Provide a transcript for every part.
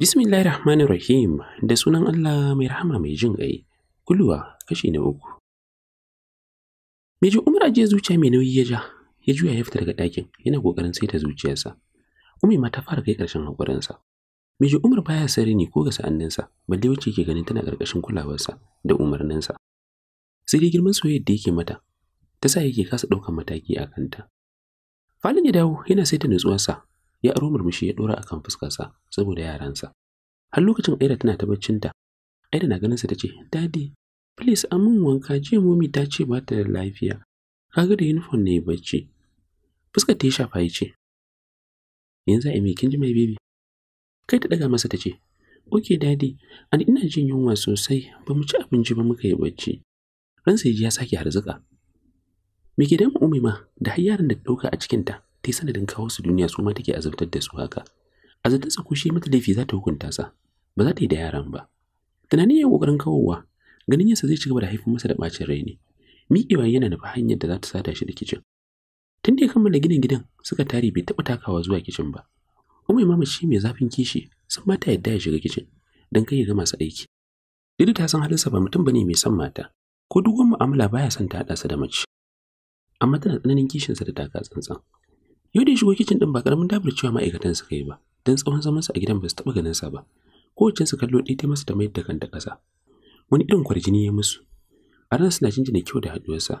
Bismillahir Rahmanir Rahim da sunan Allah mai rahama mai jin ƙai. Kuluwa, kashi na uku. Mejin Umar ajiye zuciya mai nauyi ya ja, ya juya ya fita daga ɗakin, yana ƙoƙarin saita zuciyarsa. Umi ma ta fara kai ƙarshen haƙurinsa. Mejin Umar baya sarri ne ko ga sa'anninsa, balle wacce ke ganin tana ƙarƙashin kulawarsa da umarninsa. sai dai girman soyayyar da yake mata ta sa yake kasa ɗaukan mataki a kanta falin ya dawo yana saita nutsuwarsa ya aro murmushi ya ɗora akan fuskarsa saboda yaransa har lokacin aida tana ta baccinta aida na ganinsa ta ce dadi please an min wanka jiya momi ta ce ba ta da lafiya Ka ga da uniform ne bacci fuskar ta shafa ya ce yanzu a kin ji mai baby kai ta ɗaga masa ta ce ok dadi, an ina jin yunwa sosai ba mu ci abinci ba muka yi bacci ransa ya ji ya sake harzuka me ke damu umima da har yaran da ɗauka a cikinta ta yi sanadin kawo su duniya su ma take azabtar da su haka azabtarsa ko shi mata laifi za ta hukunta sa ba za ta yi da yaran ba tunani ya kokarin kawowa ganin yasa zai cigaba gaba da haifar masa da bacin rai ne miƙewa yana nufa hanyar da za ta sada shi da kicin tun da ya kammala ginin gidan suka tare bai taɓa takawa zuwa kicin ba umai mama shi mai zafin kishi sun mata yadda ya shiga kicin don kai ya ga masu aiki Dudu ta san halinsa ba mutum bane mai son mata ko duk wani mu'amala baya son ta hada sa da mace amma tana tsananin kishinsa da taka tsantsan yau da ya shigo kicin din ba karamin dabar cewa ma'aikatan su yi ba don tsawon zaman su a gidan ba su taɓa ganin sa ba su kallo ɗaya ta masa ta mayar da kanta ƙasa wani irin kwarjini ya musu a ran suna jinjina kyau da haɗuwarsa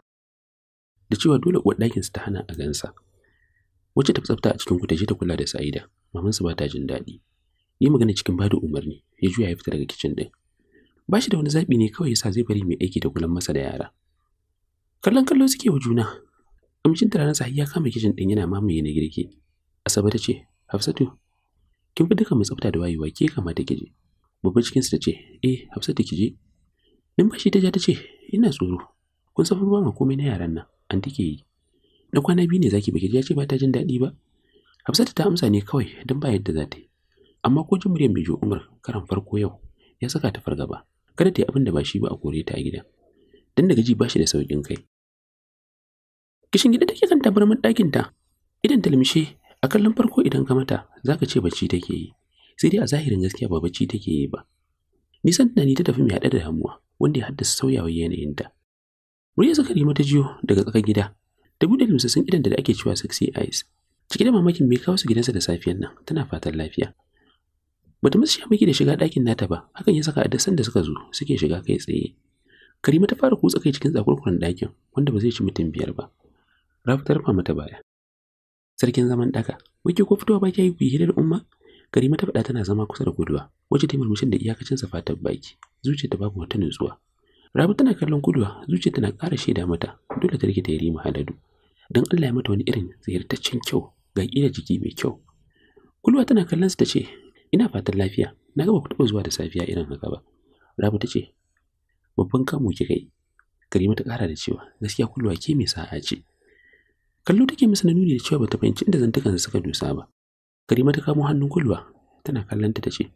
da cewa dole uwar su ta hana a gansa wacce ta tsafta a cikin ku ta je ta kula da sa'ida mamansa ba ta jin daɗi yi magana cikin bada umarni ya juya ya fita daga kicin ɗin ba shi da wani zaɓi ne kawai yasa zai bari mai aiki da kulan masa da yara kallon kallo suke wa juna amshin turaren sa ya kama kicin ɗin yana mamaye na girki asabe ta ce hafsatu kin fi duka mu tsafta da wayewa ke kamata ki je babban cikinsu ta ce eh hafsatu ki je numfashi ta ja ta ce ina tsoro kun san ba ma komai na yaran nan an take yi na kwana biyu ne zaki baki ya ce ba ta jin daɗi ba Hafsatu ta amsa ne kawai don ba yadda za ta yi. Amma ko jin muryar Bijo Umar karan farko yau ya saka ta fargaba. kada ta yi abin da ba shi ba a kore ta a gida don daga ji ba shi da sauƙin kai kishin gida take kan man ɗakin ta idan ta limshe a kallon farko idan ka mata ka ce bacci take yi sai dai a zahirin gaskiya ba bacci take yi ba nisan tunani ta tafi mai haɗe da damuwa wanda ya haddasa sauyawa yanayinta murya zakari ta jiyo daga tsakar gida da buɗe limsassun idan da ake cewa sexy eyes cike da mamakin mai kawo su gidansa da safiyan nan tana fatan lafiya Bata musu miki da shiga ɗakin nata ba, hakan ya saka a dasan da suka zo suke shiga kai tsaye. Karima ta fara kutsa kai cikin tsakurkuren ɗakin wanda ba zai ci mutum biyar ba. Rafi ta rufa mata baya. Sarkin zaman ɗaka, wake ko fitowa ba kya bi hirar umma? Karima ta faɗa tana zama kusa da kuduwa, wacce ta murmushin da iyakacin fatar baki, zuciya ta babu wata nutsuwa. Rabi tana kallon kuduwa, zuciya tana ƙara shaida mata, dole ta rike ta yi rima Don Allah ya mata wani irin ziyartaccen kyau, ga ƙira jiki mai kyau. Kulwa tana kallon su ta ce, ina fatan lafiya na gaba ku taɓa zuwa da safiya irin haka ba rabu ta ce babban kamu ki yi karima ta ƙara da cewa gaskiya kulluwa ke mai sa'a ce kallo take masa nuni da cewa bata fahimci inda zantukan suka dusa ba karima ta kamo hannun kulwa tana kallon ta ce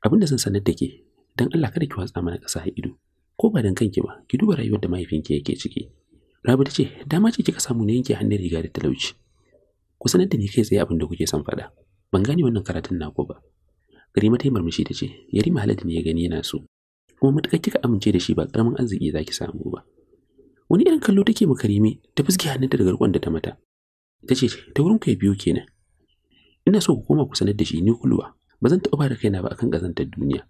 abin da zan sanar da ke don Allah kada ki watsa mana ƙasa ido ko ba dan kanki ba ki duba rayuwar da mahaifinki yake ciki Rabu ta ce dama ce kika samu ne yanke hannun riga da talauci ku sanar da ni kai tsaye abin kuke son faɗa ban gane wannan karatun naku ba Karima ta yi marmashi ta ce Yarima Haladu ne ya gani yana so kuma matukar kika amince da shi ba karamin arziki za ki samu ba wani irin kallo take ma karimi ta fuske hannunta da garkon da ta mata ta ce ta wurin kai biyu kenan ina so ku koma ku sanar da shi ni kulwa ba zan taɓa ba da kaina ba akan ƙazantar duniya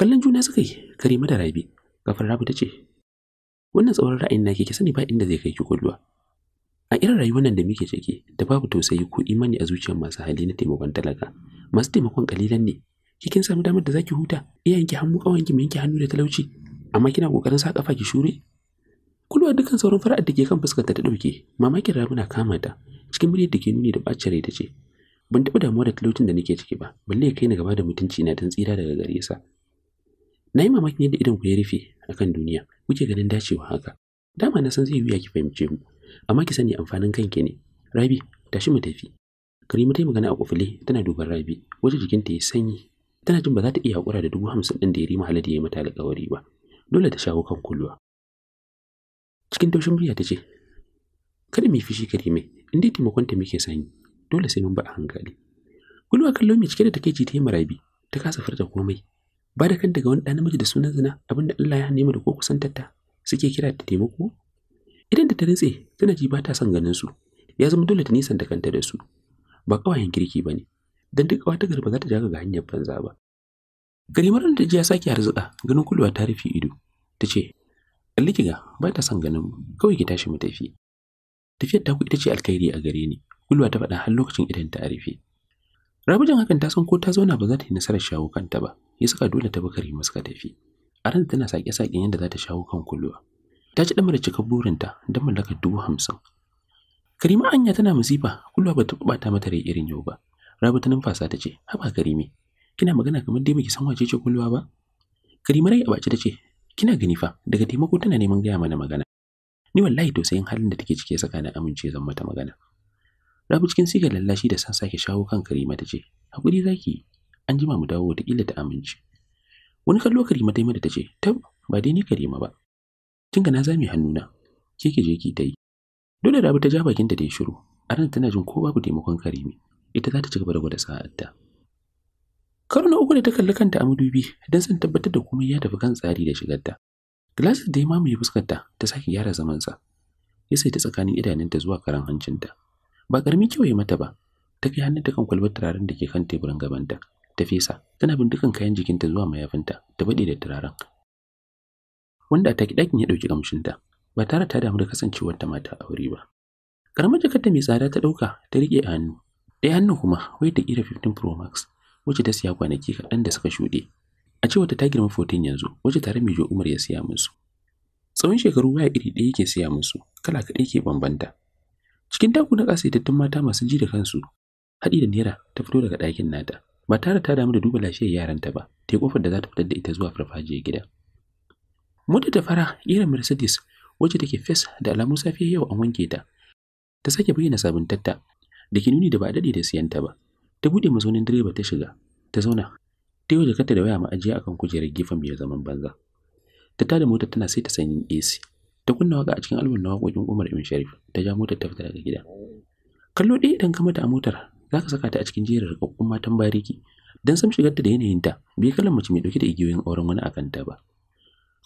kallon juna suka yi Karima da Rabi kafar Rabi ta ce wannan tsawon ra'ayin naki ki sani ba inda zai kai ki kulwa a irin rayuwar nan da muke ciki da babu tausayi ko imani a zuciyar masu hali na taimakon talaka masu taimakon kalilan ne kikin samu damar da zaki huta ki hannu kawanki mu yanke hannu da talauci amma kina kokarin sa kafa ki shure kulwa dukkan sauran fara'ar da ke kan fuskarta ta dauke mamakin rabuna kama ta cikin muryar da ke nuni da bacin rai ta ce ban taɓa damuwa da talaucin da nake ciki ba balle kai na gaba da mutunci na dan tsira daga gare sa na yi mamakin yadda idan ku ya rufe akan duniya kuke ganin dacewa haka dama na san zai wuya ki fahimce mu amma ki sani amfanin kanki ne rabi tashi mu tafi karima ta yi magana a kufule tana duban rabi wajen jikinta ya sanyi tana jin ba za ta iya hakura da dubu hamsin ɗin da ya rima da ya yi mata alƙawari ba dole ta shawo kan kulwa cikin taushin murya ta ce kada mu yi fushi karime in dai ta muke sanyi dole sai mun ba a hankali kulwa kallo mai cike da takeici ta yi marabi ta kasa farta komai ba da kanta ga wani ɗan namiji da sunan zina abinda Allah ya hane da ko kusantar ta suke kira ta taimako idan da ta nutse tana ji ba ta son ganin su ya zama dole ta nisan da kanta da su ba kawayen kirki ba ne don duk wata garba za ta jaga ga hanyar banza ba garimar da ji ya sake harzuka ganin kulwa ta rufe ido ta ce ki ga ba ta son ganin mu kawai ki tashi mu tafi tafiyar ta ku ita ce alkhairi a gare ni kulwa ta faɗa har lokacin idan ta rufe rabujin hakan ta san ko ta zauna ba za ta yi nasarar shawo kanta ba ya saka dole ta bakari masu ka tafi a ran tana sake saken yadda za ta shawo kan kulwa ta ci da cika burinta don mallakar dubu hamsin. Karima Anya tana musiba, kulwa ba ta ɓata mata rai irin yau ba. Rabi ta numfasa ta ce, "Haba Karime, kina magana kamar dai baki san wace ce kulwa ba?" Karima rai a bace ta ce, "Kina gani fa, daga taimako tana neman gaya mana magana." Ni wallahi tausayin halin da take cike saka na amince zan mata magana. Rabu cikin siga lallashi da san sake shawo kan Karima ta ce, "Hakuri zaki, an jima mu dawo wata ta amince." Wani kallo Karima ta yi mata ta ce, "Tab, ba dai ni Karima ba, tun ga na zame hannuna ke ke je ki ta yi dole rabu ta ja bakin da yi shiru a ran tana jin ko babu taimakon karimi ita za ta ci gaba da gwada sa'adda. karo na uku da ta kalli kanta a madubi don san tabbatar da komai ya tafi kan tsari da shigarta glasses da ya mamaye fuskarta ta sake gyara zamansa ya saita tsakanin idanunta zuwa karan hancinta ba ƙaramin kyau ya mata ba ta kai hannunta kan kwalbar turaren da ke kan teburin gabanta ta fesa tana bin dukan kayan jikinta zuwa mayafinta ta baɗi da turaren wanda a kidakin ɗakin ya ɗauki gamshinta ba tare ta damu da kasancewar ta mata aure ba karamar jakarta mai tsada ta ɗauka ta rike a hannu ɗaya hannun kuma wai ta kira 15 pro max wacce ta siya kwanaki kaɗan da suka shuɗe a cewa ta girma 14 yanzu wacce tare mai umar ya siya musu tsawon shekaru waya iri ɗaya yake siya musu kala kaɗai ke bambanta cikin taku na tattun mata masu ji da kansu haɗi da naira ta fito daga ɗakin nata ba tare ta damu da duba lafiyar yaranta ba ta yi ƙofar da za ta fitar da ita zuwa farfajiyar gida Mota ta fara irin Mercedes wacce take fes da alamun safiya yau an wanke ta. Ta sake bayyana sabuntatta da ke nuni da ba a daɗe da siyan ba. Ta buɗe mazaunin direba ta shiga, ta zauna, ta yi jakarta da waya ma'ajiya akan kujerar gefen mai zaman banza. Ta tada motar tana sai ta sanyin AC. Ta kunna waka a cikin albon na waƙoƙin Umar Ibn Sharif, ta ja motar ta fita daga gida. Kallo ɗaya idan ka mata a motar, za ka saka ta a cikin jerin rikakkun matan bariki, don sam ta da yanayinta bai kalan mace mai ɗauke da igiyoyin auren wani akanta kanta ba.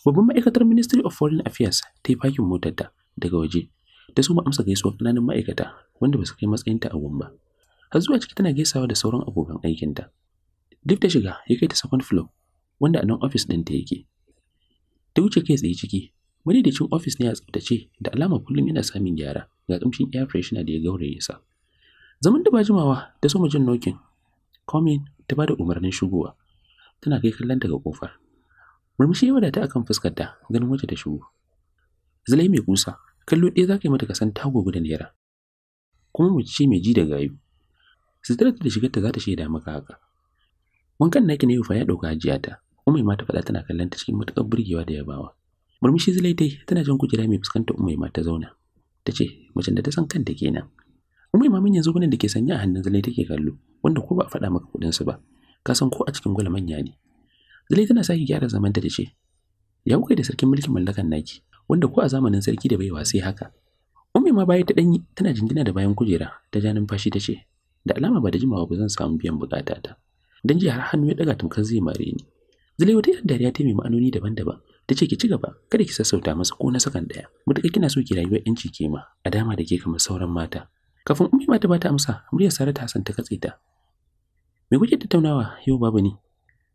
babban ma'aikatar ministry of foreign affairs ta yi fakin motarta daga waje ta ma amsa gaisuwa kananan ma'aikata wanda ba su kai matsayinta a gun ba har zuwa ciki tana gaisawa da sauran abokan aikinta duk da shiga ya kai ta second floor wanda a nan office ta yake ta wuce kai tsaye ciki madidacin office ne a tsaftace da alama kullum yana samun gyara ga kamshin air freshener da ya gauraye sa zaman da ba jimawa ta so jin nokin Komin ta ba da umarnin shigowa tana kai kallon daga kofar Murmushi ya wadata akan fuskarta ganin wacce ta shigo. Zulai mai kusa, kallo ɗaya za ka yi mata kasan tago da naira. Kuma mace ce mai ji da gayu. sitar da ta za ta shaida maka haka. Wankan naki na yufa ya ɗauka ta Umai mai ta faɗa tana kallon ta cikin matuƙar burgewa da yabawa. Murmushi Zulai dai tana jan kujera mai fuskantar Umai ta zauna. Ta ce, macen da ta san kanta kenan. Umai mamin manyan zogunan da ke sanya a hannun Zulai take kallo, wanda ko ba a faɗa maka kuɗinsu ba, ka san ko a cikin gwala manya ne. Zulai tana sake gyara zamanta da ce, Ya kai da sarkin mulkin mallakan naki, wanda ko a zamanin sarki da baiwa sai haka. Ummi ma baya ta danyi tana jingina da bayan kujera ta ja numfashi ta ce, Da alama ba da jimawa ba zan samu biyan bukata ta. Dan ji har hannu ya daga tamkar zai mare ni. Zulai wata yadda dariya ta mai ma'anoni daban-daban ta ce ki ci gaba kada ki sassauta masa ko na sakan daya. Mutuka kina so ki rayuwa yanci ke ma a dama da ke kamar sauran mata. Kafin Ummi ma ta bata amsa, muryar Saratu Hassan ta katse ta. Me kuke tattaunawa yau babu ni?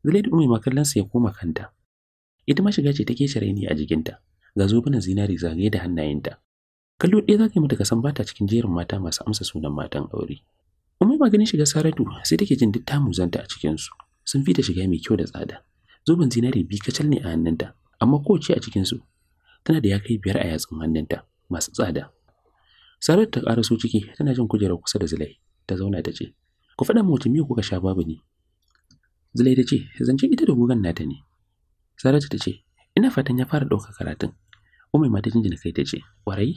Zulai da Ummi makallansa ya koma kanta. Ita ma shiga ce take sharaini a jikinta, ga zobunan zinari zagaye da hannayenta. Kallo ɗaya za ka yi mata kasan bata cikin jerin mata masu amsa sunan matan aure. Umar maganin shiga Saratu sai take jin duk tamuzanta a cikinsu. Sun fi ta shiga mai kyau da tsada. Zoben zinari bi kacal ne a hannunta, amma kowace a cikinsu tana da ya kai biyar a yatsun hannunta masu tsada. Saratu ta so ciki tana jin kujerar kusa da Zulai ta zauna ta ce, Ku faɗa mu wace miya kuka sha babu ne, Zulai ta ce, zance ita da gugan nata ne. Saratu ta ce, ina fatan ya fara ɗaukar karatun. Umai mata ta jinjina kai ta ce, ƙwarai?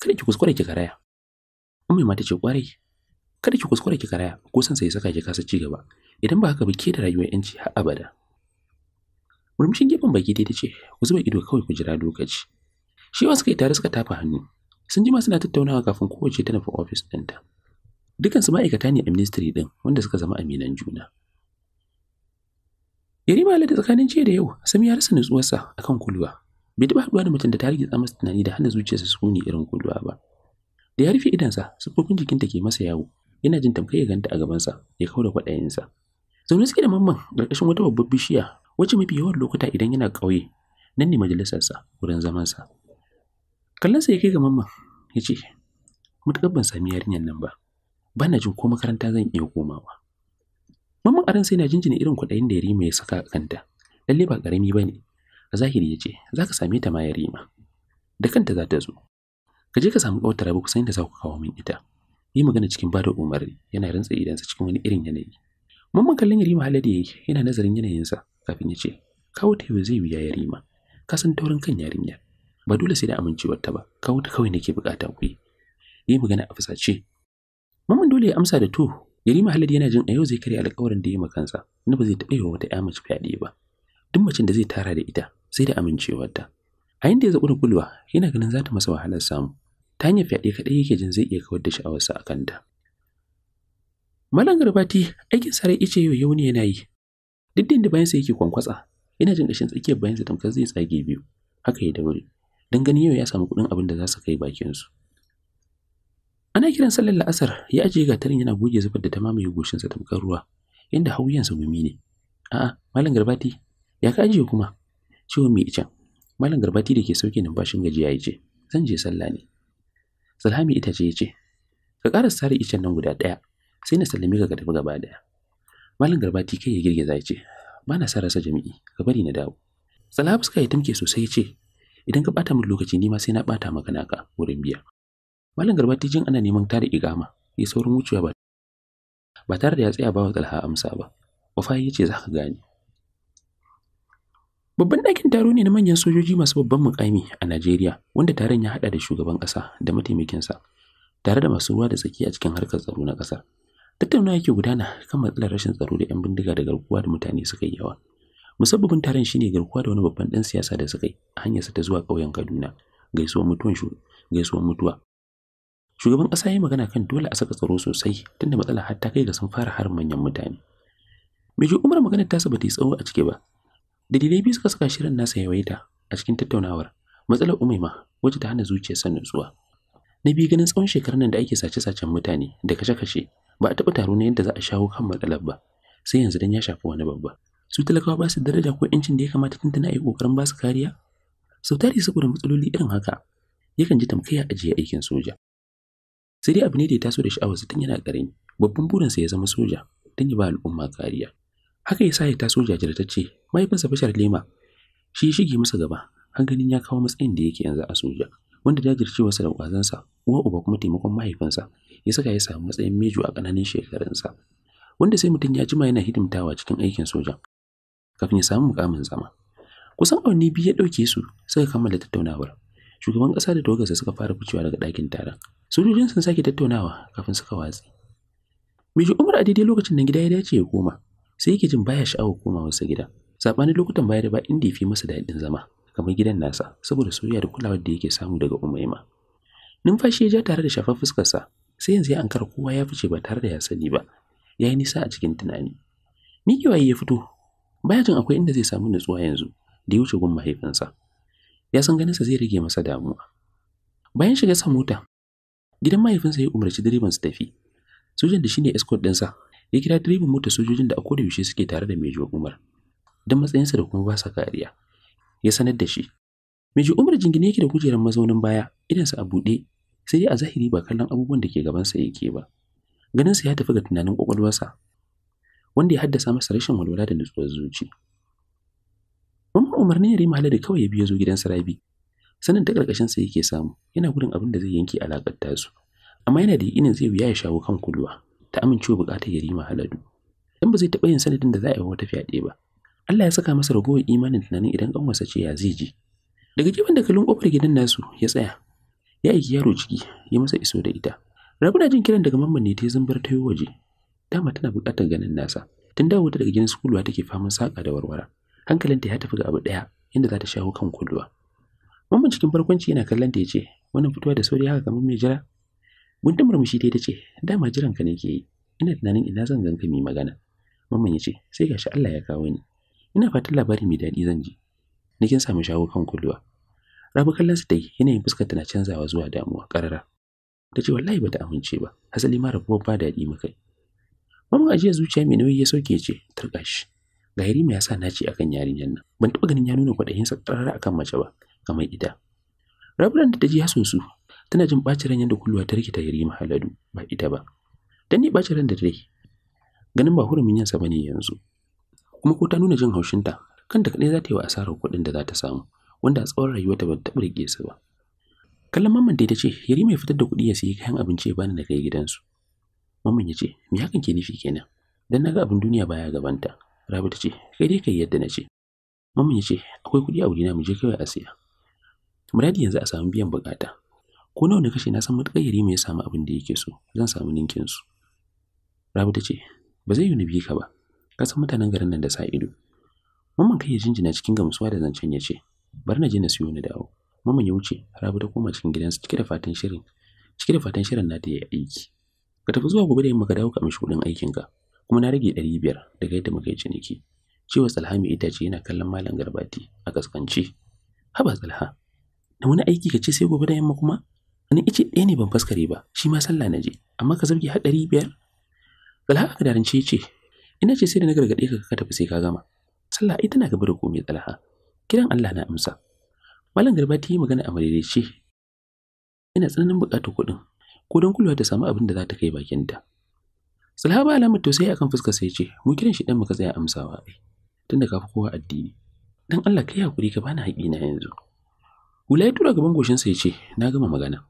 Kada ki kuskure ki karaya. Umai mata ce, ƙwarai? Kada ki kuskure ki karaya, ko san sai saka ki kasa ci gaba. Idan ba haka ba ke da rayuwar yanci har abada. Murmushin gefen baki dai ta ce, ku zuba ido kawai ku jira lokaci. Shi wasu kai tare suka tafa hannu. Sun ji ma suna tattaunawa kafin kowace ta nufi ofis ɗinta. Dukansu ma'aikata ne a ministry ɗin wanda suka zama aminan juna. Yarima da tsakanin ce da yau, Sami ya rasa nutsuwarsa akan kuluwa. Bai taɓa haɗuwa da mutum da ta rage masa tunani da hana zuciyarsa su sukuni irin kuluwa ba. Da ya rufe idansa, siffofin jikinta ke masa yawo, yana jin tamkar ya ganta a gabansa, ya kau da kwaɗayinsa. Zaune suke da mamman ƙarƙashin wata babbar bishiya, wacce mafi yawan lokuta idan yana ƙauye, nan ne majalisarsa, wurin zamansa. sa ya kai ga mamman, ya ce, Matuƙar ban sami yarinyar nan ba, ba na jin ko makaranta zan iya komawa. Mamman aran sai na jinjina irin kuɗayen da Yarima ya saka a kanta. Lalle ba karami ba ne. A zahiri ya ce, za ka same ta ma Yarima. Da kanta za ta zo. Ka je ka samu ƙautar rabu kusan da za ku kawo min ita. Yi magana cikin bada umarni yana rantsa idansa cikin wani irin yanayi. Mamman kallon Yarima yake, yana nazarin yanayinsa kafin ya ce, kawo ta yau zai wuya Yarima. Ka san taurin kan yarinyar. ba dole sai da amincewar ta ba kawo ta kawai nake bukata ku yi yi magana a fusace. Mamman dole ya amsa da to Yarima Halid yana jin a yau zai karya alƙawarin da ya yi kansa, na ba zai taɓa yi wa wata 'ya mace fyaɗe ba. Duk macen da zai tara da ita sai da amincewarta. A yanda ya zaɓi da kulwa, yana ganin za ta masa wahalar samu. Ta hanyar fyaɗe kaɗai yake jin zai iya kawar da sha'awarsa a kanta. Malam Garbati aikin sarai ice yau yau ne yana yi. Duk da bayansa yake kwankwatsa, yana jin ƙashin tsakiyar bayansa tamkar zai tsage biyu. Haka ya daure. don ganin yau ya samu kuɗin abin da za su kai bakinsu. ana kiran sallar la'asar ya ajiye gatarin yana goge zubar da ta mamaye goshinsa tamkar ruwa inda hauyansa gumi ne a'a malam garbati ya ka ajiye kuma ciwon mai icen malam garbati da ke sauke numfashin gajiya ya ce zan je sallah ne salhami ita ce ya ce ka ƙara sare icen nan guda ɗaya sai na sallame ka ka tafi gaba ɗaya malam garbati kai ya girgiza ya ce ba na sa rasa jami'i ka bari na dawo salhabi suka yi tamke sosai ya ce idan ka bata min lokaci ni ma sai na bata maka naka wurin biya Malam Garba jin ana neman ta igama, ya saurin wucewa ba. Ba tare da ya tsaya ba wa Talha amsa ba. Wafa ya ce za ka gane. Babban ɗakin taro ne na manyan sojoji masu babban mukami a Najeriya, wanda taron ya haɗa da shugaban ƙasa da mataimakinsa, tare da masu ruwa da tsaki a cikin harkar tsaro na ƙasar. Tattaunawa yake gudana kan matsalar rashin tsaro da 'yan bindiga da garkuwa da mutane suka yi yawa. Musabbabin taron shine garkuwa da wani babban ɗan siyasa da suka yi a hanyarsa ta zuwa ƙauyen Kaduna, gaisuwar mutuwa shugaban ƙasa ya magana kan dole a saka tsaro sosai tunda matsala har ta kai ga sun fara harin manyan mutane Mejo Umar magana tasa saba yi tsawo a cike ba dalilai biyu suka saka shirin nasa yawaita a cikin tattaunawar matsalar umaima wacce ta hana zuciya san nutsuwa na biyu ganin tsawon shekarun nan da ake sace-sacen mutane da kashe-kashe ba a taɓa taro na yadda za a shawo kan matsalar ba sai yanzu dan ya shafi wani babba su talakawa ba su daraja ko ƴancin da ya kamata tuntuna a yi ƙoƙarin ba su kariya Sautari saboda matsaloli irin haka yakan ji tamkaya ajiye aikin soja sai dai abu ne da ya taso da sha'awarsa tun yana ƙarami babban burinsa ya zama soja don ya ba al'umma kariya haka ya sa ya taso jajirtacce mahaifinsa bashar lema shi ya shige masa gaba har ganin ya kawo matsayin da yake yanzu a soja wanda jajircewarsa da ƙwazonsa uwa uba kuma taimakon mahaifinsa ya saka ya samu matsayin mejo a ƙananan shekarunsa wanda sai mutum ya jima yana hidimtawa cikin aikin soja kafin ya samu mukamin zama kusan awanni biyu ya ɗauke su suka kammala tattaunawar shugaban ƙasa da tawagarsa suka fara ficewa daga ɗakin taron sojojin sun sake tattaunawa kafin suka watsi Miji Umar a daidai lokacin da gida ya dace ya koma sai yake jin baya sha'awar koma wasu gida sabanin lokutan baya da ba inda ya fi masa daɗin zama kamar gidan nasa saboda soyayya da kulawar da yake samu daga Umaima numfashi ya ja tare da shafar fuskarsa sai yanzu ya ankara kowa ya fice ba tare da ya sani ba ya yi nisa a cikin tunani miƙewa ya fito baya jin akwai inda zai samu nutsuwa yanzu da ya wuce gun mahaifinsa ya san ganinsa zai rage masa damuwa. Bayan shiga sa mota, gidan mahaifinsa ya umarci direban su tafi. Sojan da shine escort ɗinsa ya kira direban mota sojojin da a koda yaushe suke tare da Mejo Umar. Don matsayinsa da kuma basa kariya, ya sanar da shi. Mejo Umar jingine yake da kujerar mazaunin baya, idansa a buɗe, sai dai a zahiri ba kallon abubuwan da ke gabansa yake ba. Ganinsa ya tafi ga tunanin kwakwalwarsa, wanda ya haddasa masa rashin walwala da nutsuwar zuci. umarnin Yarima Haladu kawai ya biyo zo gidan Sarabi. Sanin ta ƙarƙashinsa yake samu, yana gudun abin da zai yanke ta su Amma yana da yakinin zai wuya ya shawo kan Kuluwa, ta amincewa buƙatar Yarima Haladu. Dan ba zai taba yin sanadin da za a yi wata fyaɗe ba. Allah ya saka masa ragowar imanin tunanin idan wasa ce ya zai ji. Daga gefen kalun kofar gidan nasu ya tsaya. Ya aiki yaro ciki, ya masa iso da ita. Rabu na jin kiran daga mamman ne ta yi zumbar ta yi waje. Dama tana buƙatar ganin nasa. Tun dawo daga gidan sukulwa take faman saka da warwara. hankalinta ya tafi ga abu ɗaya inda za ta shawo kan kulluwa mamman cikin barkwanci yana kallon ta ya ce wannan fitowa da sauri haka kamar mai jira gundun murmushi ta ce dama jiran ka ne ke yi ina tunanin ina zan ganka mai magana mamman ya ce sai gashi Allah ya kawo ni ina fatan labari mai daɗi zan ji na kin samu shawo kan kulluwa rabu kallon su dai yanayin fuskar tana na canzawa zuwa damuwa Ƙarara. ta ce wallahi bata amince ba asali ma rabuwar ba daɗi mukai mamman ajiya zuciya mai nauyi ya sauke ce tarkashi. ga Yarima ya sa naci akan yarinyar nan ban taba ganin ya nuna kwaɗayinsa ƙarara akan mace ba kamar ita Rabran da ta ji hasun su tana jin ɓacin ran yadda kulluwa ta rikita Yarima Haladu ba ita ba dan ne ɓacin ran da dai ganin ba hurumin yansa bane yanzu kuma ko ta nuna jin haushin haushinta kanta kaɗai za ta yi wa asarar kuɗin da za ta samu wanda a tsawon rayuwarta ba ta taɓa su ba kallon mamman da ita ce yari mai fitar da kuɗi ya sayi kayan abinci ya bani na kai gidansu mamman ya ce me hakan ke nufi kenan dan naga abin duniya baya gabanta Rabi ta ce, kai dai kai yadda na ce. Mamman ya ce, akwai kuɗi a wurina mu je kawai a siya. Muradi yanzu a samu biyan bukata. Ko nawa na kashe na san matuƙar yari mai ya samu abin da yake so, zan samu ninkin su. Rabi ta ce, ba zai yi na bi ka ba, ka san mutanen garin nan da sa ido. Mamman kai ya jinjina cikin gamsuwa da zancen ya ce, bari na je na siyo ni dawo. Mamman ya wuce, Rabi ta koma cikin gidansu cike da fatan shirin, cike da fatan shirin nata ya aiki. Ka tafi zuwa gobe da yamma ka dawo ka mishi kuɗin aikinka. kuma na rage ɗari biyar daga yadda muka yi ciniki cewa tsalha mai itace yana kallon malam garbati a kaskance haba tsalha da wani aiki ka ce sai gobe da yamma kuma wani ice ɗaya ne ban faskare ba shi ma sallah na je amma ka zabge har ɗari biyar tsalha aka darance ce ina ce sai da na gargaɗe ka ka tafi sai ka gama sallah ita na gaba da komai tsalha kiran Allah na amsa malam garbati yi magana a ce ina tsananin buƙatar kuɗin ko don kulawa ta samu abin da za ta kai bakinta Salha ba alamar tausayi akan fuskar sai ce, mu kiran shi dan muka tsaya amsawa ai. Tunda ka fi kowa addini. Dan Allah kai hakuri ka bani haƙi na yanzu. Hula tura gaban goshin sai ce, na gama magana.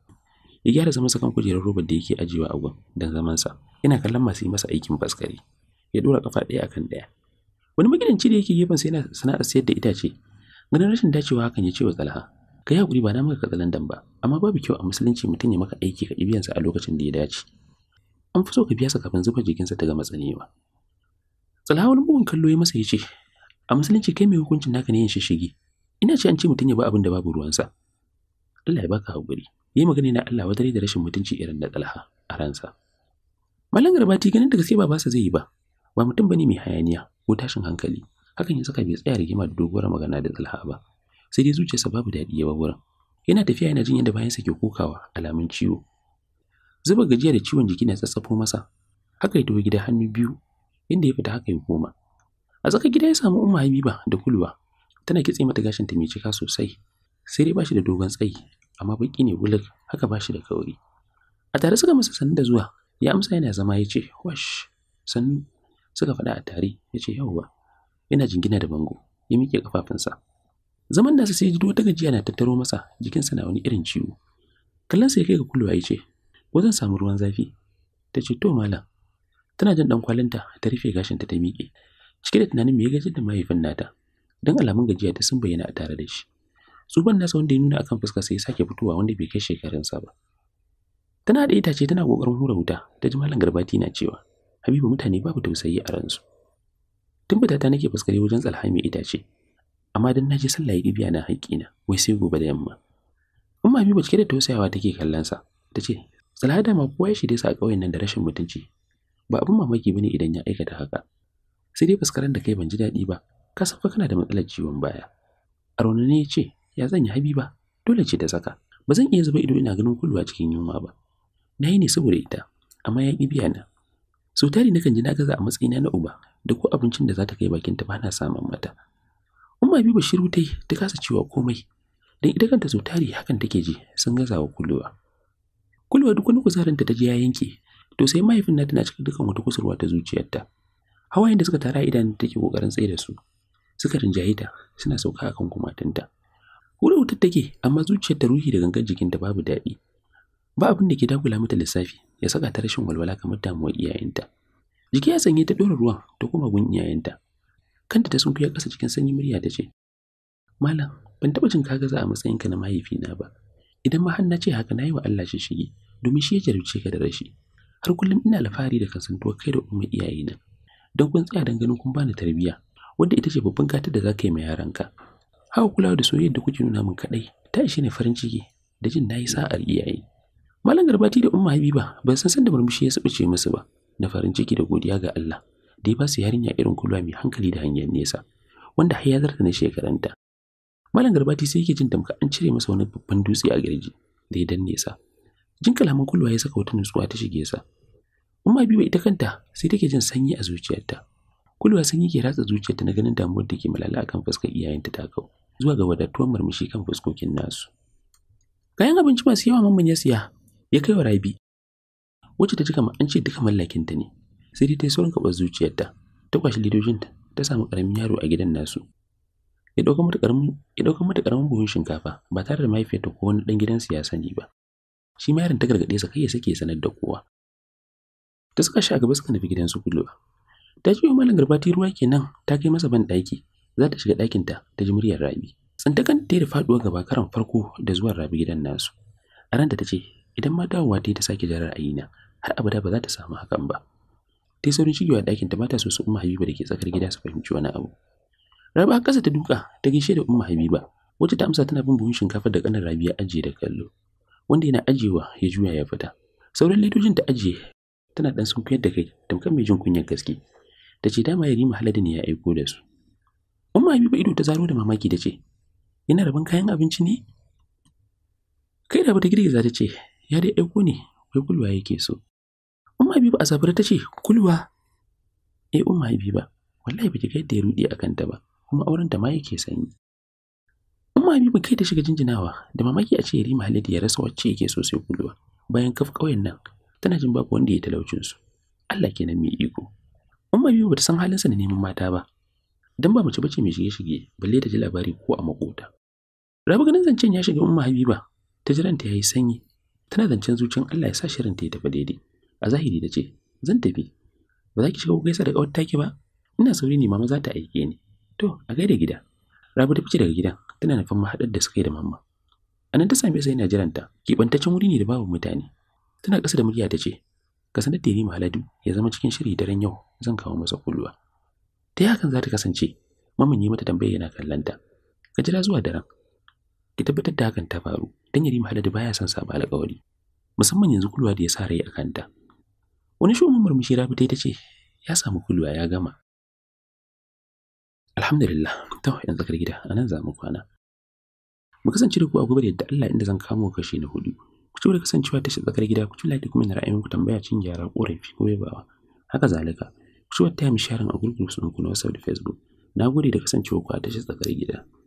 Ya gyara zama sakan kujerar robar da yake ajiyewa a gwan dan sa, Ina kallon masu yi masa aikin faskari. Ya dora kafa ɗaya akan ɗaya. Wani magidanci da yake gefen sai yana sana'ar sayar da itace. Ganin rashin dacewa hakan ya ce wa Salha, kai hakuri ba na maka katsalandan ba amma babu kyau a musulunci mutum ya maka aiki ka ibiyansa a lokacin da ya dace an fi so ka biya sa kafin zuba jikinsa ta gama tsanewa tsalawar bugun kallo ya masa ya ce a musulunci kai mai hukuncin naka ne yin shishigi ina ce an ce mutum ya ba abin da babu ruwansa Allah ya baka haƙuri yi magana na Allah wadare da rashin mutunci irin na tsalha a ransa malam garbati ganin da gaske ba basa zai yi ba ba mutum ba ne mai hayaniya ko tashin hankali hakan ya saka bai tsaya rigima da doguwar magana da tsalha ba sai dai zuciyarsa babu daɗi ya ba wurin yana tafiya yana jin yadda bayansa ke kokawa alamun ciwo zuba gajiya da ciwon jiki na tsatsafo masa haka ya tafi gida hannu biyu inda ya fita haka ya koma a tsakar gida ya samu umma habiba da kulwa tana kitse mata gashin ta mai cika sosai sai dai bashi da dogon tsayi amma baki ne bulak haka bashi da kauri a tare suka masa sannu da zuwa ya amsa yana zama ya ce wash sannu suka faɗa a tare ya ce yauwa yana jingina da bango ya miƙe kafafunsa zaman nasa sai ji wata gajiya na tattaro masa jikinsa na wani irin ciwo kallon sai kai ga kulwa ya ce ko zan samu ruwan zafi ta ce to malam tana jin dan kwalinta ta rufe gashinta ta miƙe cike da tunanin me ya gaji da mahaifin nata dan alamun gajiya ta sun bayyana a tare da shi tsuban nasa wanda ya nuna akan fuska sai ya sake fitowa wanda bai kai shekarunsa ba tana da itace tana kokarin hura wuta ta ji malam garbati na cewa habibu mutane babu tausayi a ransu tun ta nake fuskare wajen tsalhami itace amma dan naji sallah ya biya na haƙƙina wai sai gobe da yamma amma habibu cike da tausayawa take kallon sa ce. salada ma kowa ya shirya sa a ƙauyen nan da rashin mutunci. Ba abin mamaki ne idan ya aikata haka. Sai dai fuskaran da kai ban ji daɗi ba, ka san fa kana da matsalar ciwon baya. Arona ne ya ce, ya zan yi Habiba, dole ce ta saka. Ba zan iya zuba ido ina ganin Kuluwa cikin yunwa ba. Na yi ne saboda ita, amma ya ƙi biya na. Sau tari nakan ji na gaza a matsayina na uba, da ko abincin da za ta kai bakinta ba na samun mata. Umma Habiba shiru ta yi, ta kasa cewa komai. Don ita kanta sau tari hakan take ji, sun gaza wa kulluwa. kulwa duk wani kuzarinta ta ji ya yanke to sai mahaifin nata na cikin dukan wata kusurwa ta zuciyarta hawayen da suka tara idan take kokarin tsaye da su suka rinjaye ta suna sauka akan kumatinta hura wutar take amma zuciyar ta ruhi da gangan jikin ta babu daɗi ba abin da ke dagula mata lissafi ya saka ta rashin walwala kamar damuwar iyayenta jiki ya sanye ta ɗora ruwan ta kuma gun iyayenta kanta ta sunkuya kasa cikin sanyi murya ta ce malam ban taɓa jin kagaza a matsayinka na mahaifina ba idan ma har na ce haka na yi wa Allah shishigi domin shi ya jarabce ka da rashi har kullum ina alfahari da kasantuwa kai da umma iyayena don kun tsaya don ganin kun bani tarbiyya wanda ita ce babban gatar da za ka yi ma yaranka haka kulawa da soyayyar da kuke nuna min kaɗai ta ishe ni farin ciki da jin na yi sa'ar iyaye malam garbati da umma habiba ban san sanda murmushi ya sabuce musu ba na farin ciki da godiya ga Allah da ya ba su yarinya irin kulawa mai hankali da hanyar nesa wanda har ya zarta na shekaranta Malam Garbati sai yake jin tamka an cire masa wani babban dutse a girji da ya danne sa. Jin kalaman kulwa ya saka wata nutsuwa ta shige sa. Umma Habiba ita kanta sai take jin sanyi a zuciyarta. Kulwa sanyi ke ratsa zuciyarta na ganin damuwar da ke malala akan fuskar iyayenta ta kau zuwa ga wadatuwar murmushi kan fuskokin nasu. Kayan abinci masu yawa mamman ya siya ya kai wa Rabi. Wacce ta ji kamar an ce duka mallakinta ne. Sai dai ta yi saurin kaɓar zuciyarta ta kwashi ledojinta ta samu ƙaramin yaro a gidan nasu ya ɗauka mata ƙaramin buhun shinkafa ba tare da mahaifiyarta ko wani ɗan gidansu ya sani ba shi ma yaron ta gargaɗe sa kai ya sake sanar da kowa ta suka shi a gaba suka nufi gidansu kullum ta ce malam garbati ruwa kenan ta kai masa ban ɗaki za ta shiga ɗakinta ta ji muryar rabi tsintakan ta yi da faɗuwa gaba karan farko da zuwan rabi gidan nasu a ranta ta ce idan ma dawowa ta yi ta sake jarar ayina har abada ba za ta samu hakan ba ta yi saurin shigewa ɗakinta mata su su umma habiba da ke tsakar gida su fahimci wani abu Rabi har ƙasa ta duka ta gaishe da Umma Habiba, wacce ta amsa tana bin buhun shinkafa da ƙanin Rabi ya ajiye da kallo. Wanda yana ajiyewa ya juya ya fita. Sauran ledojin ta ajiye tana ɗan sunkuyar da kai tamkar mai jin kunyar gaske. Ta ce dama Yarima Haladu ne ya aiko da su. Umma Habiba ido ta zaro da mamaki ta ce, Yana rabon kayan abinci ne? Kai da bata girgiza ta ce, Ya dai aiko ne, wai kulwa yake so. Umma Habiba a zabura ta ce, Kulwa? Eh Umma Habiba, wallahi baki ga yadda ya rudi akan ta ba. kuma auren da ma yake sanyi umma habibu kai ta shiga jinjinawa da mamaki a ce yarima halidi ya rasa wacce yake so sai kuluwa bayan kaf ƙauyen nan tana jin babu wanda ya talaucin su Allah ke kenan mai iko umma habibu bata san halin sa da neman mata ba dan ba mace bace mai shige shige balle ta ji labari ko a makota rabu ganin zancen ya shiga umma habiba ta jiranta yayi sanyi tana zancen zuciyar Allah ya sa shirin ta ya tafi daidai a zahiri ta ce zan tafi ba za ki shiga gaisa da ta taki ba ina sauri ne mama za ta aike ni To, a gaida gida. Rabu ta fice daga gidan, tana nufin mahaɗar da suka yi da mamma. A nan ta same sa yana jiranta, keɓantaccen wuri ne da babu mutane. Tana kasa da murya ta ce, Ka sanar da ni Haladu ya zama cikin shiri daren yau, zan kawo masa Kuluwa. Ta yi hakan za ta kasance, mamin yi mata tambaya yana kallonta. Ka jira zuwa daren. Ki tabbatar da hakan ta faru, don yari mahaladu Haladu baya son saba alƙawari. Musamman yanzu Kuluwa da ya sa rai a kanta. Wani shugaban murmushi Rabi ta ce, Ya samu Kuluwa ya gama, Alhamdulillah, to yanzu kar gida, a za mu kwana. Mu kasance da ku a gobe da Allah inda zan kamo kashi na hudu. Ku tura da kasancewa ta tsakar gida, ku ci da kuma ra'ayin ku tambaya cin gyara korafi ko yabawa. Haka zalika, ku ci wata time sharing a gurbin su ku na WhatsApp da Facebook. Na gode da kasancewa ku a tashar tsakar gida.